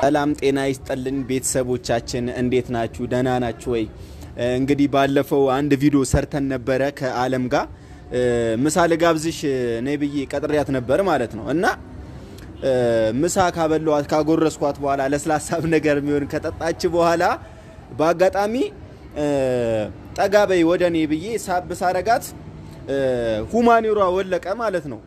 ሰላም ጤና ይስጠልን ቤተሰቦቻችን፣ እንዴት ናችሁ? ደህና ናችሁ ወይ? እንግዲህ ባለፈው አንድ ቪዲዮ ሰርተን ነበረ ከአለም ጋር ምሳ ልጋብዝሽ ነይ ብዬ ቀጥሬያት ነበር ማለት ነው። እና ምሳ ካበለዋት ካጎረስኳት በኋላ ለስላሳብ ነገር የሚሆን ከጠጣች በኋላ በአጋጣሚ ጠጋበይ ወደ እኔ ብዬ ሳብ ሳረጋት ሁማኒሯ ወለቀ ማለት ነው።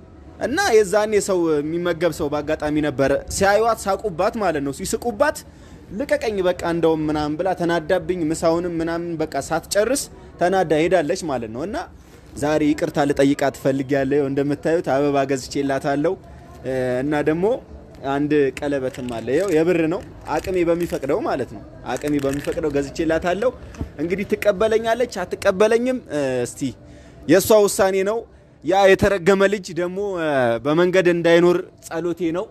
እና የዛኔ ሰው የሚመገብ ሰው በአጋጣሚ ነበር ሲያዩዋት ሳቁባት ማለት ነው ሲስቁባት ልቀቀኝ በቃ እንደውም ምናምን ብላ ተናዳብኝ፣ ምሳውንም ምናምን በቃ ሳትጨርስ ተናዳ ሄዳለች ማለት ነው። እና ዛሬ ይቅርታ ልጠይቃት ያለው እንደምታዩት አበባ ገዝቼላታለሁ እና ደግሞ አንድ ቀለበትም አለ። ው የብር ነው፣ አቅሜ በሚፈቅደው ማለት ነው። አቅሜ በሚፈቅደው ገዝቼላታለሁ። እንግዲህ ትቀበለኛለች አትቀበለኝም፣ እስቲ የእሷ ውሳኔ ነው። ያ የተረገመ ልጅ ደግሞ በመንገድ እንዳይኖር ጸሎቴ ነው።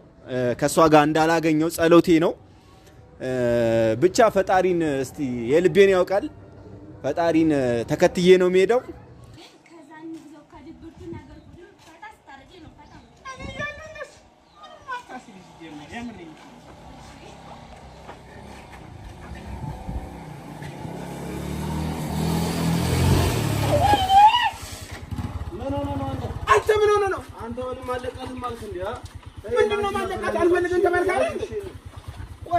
ከእሷ ጋር እንዳላገኘው ጸሎቴ ነው። ብቻ ፈጣሪን እስቲ የልቤን ያውቃል። ፈጣሪን ተከትዬ ነው የሚሄደው። አንተ ምን ሆነህ ነው? አንተ ነው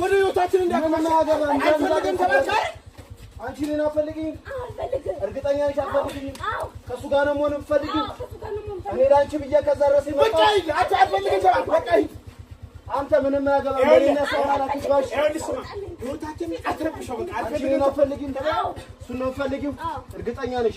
ወደ ህይወታችን እንዲያገባና አንቺ እኔን አትፈልጊኝም? እርግጠኛ ነሽ አትፈልጊኝም? ከእሱ ጋር ነው መሆን የምትፈልጊው? እኔ ለአንቺ ብዬ ከዛ ድረስ አንተ ምንም አያገባም። እርግጠኛ ነሽ?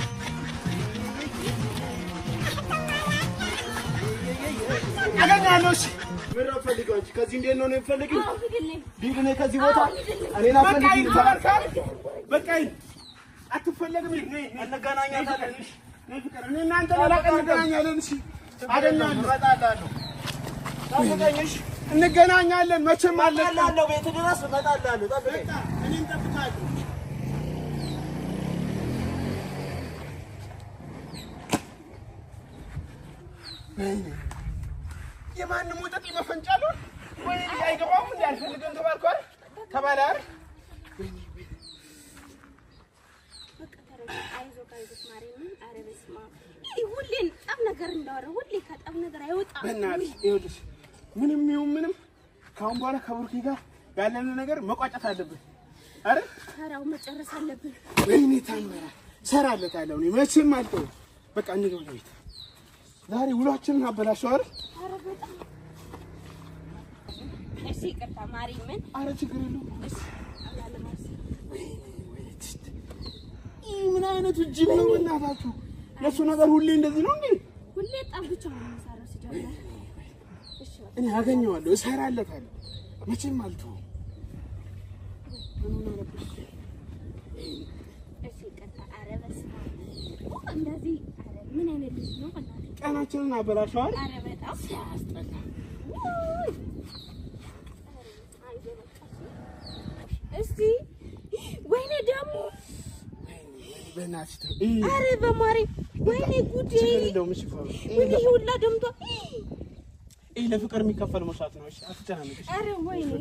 አገኛለሁ። ምን ፈልገው እንጂ ከዚህ እንዴት ነው የምፈልጊው? ሂድ ነይ ከዚህ ቦታ እኔን አትፈልጊም። አትፈለግም። እንገናኛለን። አገኛለሁ፣ እንገናኛለን። መቼም እመጣለሁ፣ ቤት ድረስ እመጣለሁ። ጠብቀኝ፣ እኔም እጠብቃለሁ። የማንም ወጠጥ መፈንጫ ነው ወይ? አይገባም እንዴ? አልፈልገም ተባልኳል ተባለ። ሁሌ ጠብ ነገር እንዳወራ ሁሌ ከጠብ ነገር አይወጣም። በእናትሽ ይኸውልሽ፣ ምንም ይሁን ምንም ከአሁን በኋላ ከቡርኪ ጋር ያለን ነገር መቋጨት አለብን። አረ ሰራው መጨረስ አለብን። ወይኔ ታመራ ሰራለታለሁ። እኔ መቼም አልተውም። በቃ እንግባ ቤት። ዛሬ ውሏችንን አበላሸው አይደል? እሺ ይቅርታ ማሪ ምን? አረ ችግር የለውም። ምን አይነቱ ጅብ ነው እናታችሁ? የእሱ ነገር ሁሌ እንደዚህ ነው እንዴ? ሁሌ ጣም ብቻ ነው የሚሰራው። ሲጀምር እኔ አገኘዋለሁ፣ እሰራለታለሁ። መቼም አልተው ቀናችንን አበላሸዋል። ኧረ በማሪ ወይኔ ጉዴ! ሁላ ደምቷ ለፍቅር የሚከፈል መስዋዕት ነው። አትጨናነቅሽ። ወይኔ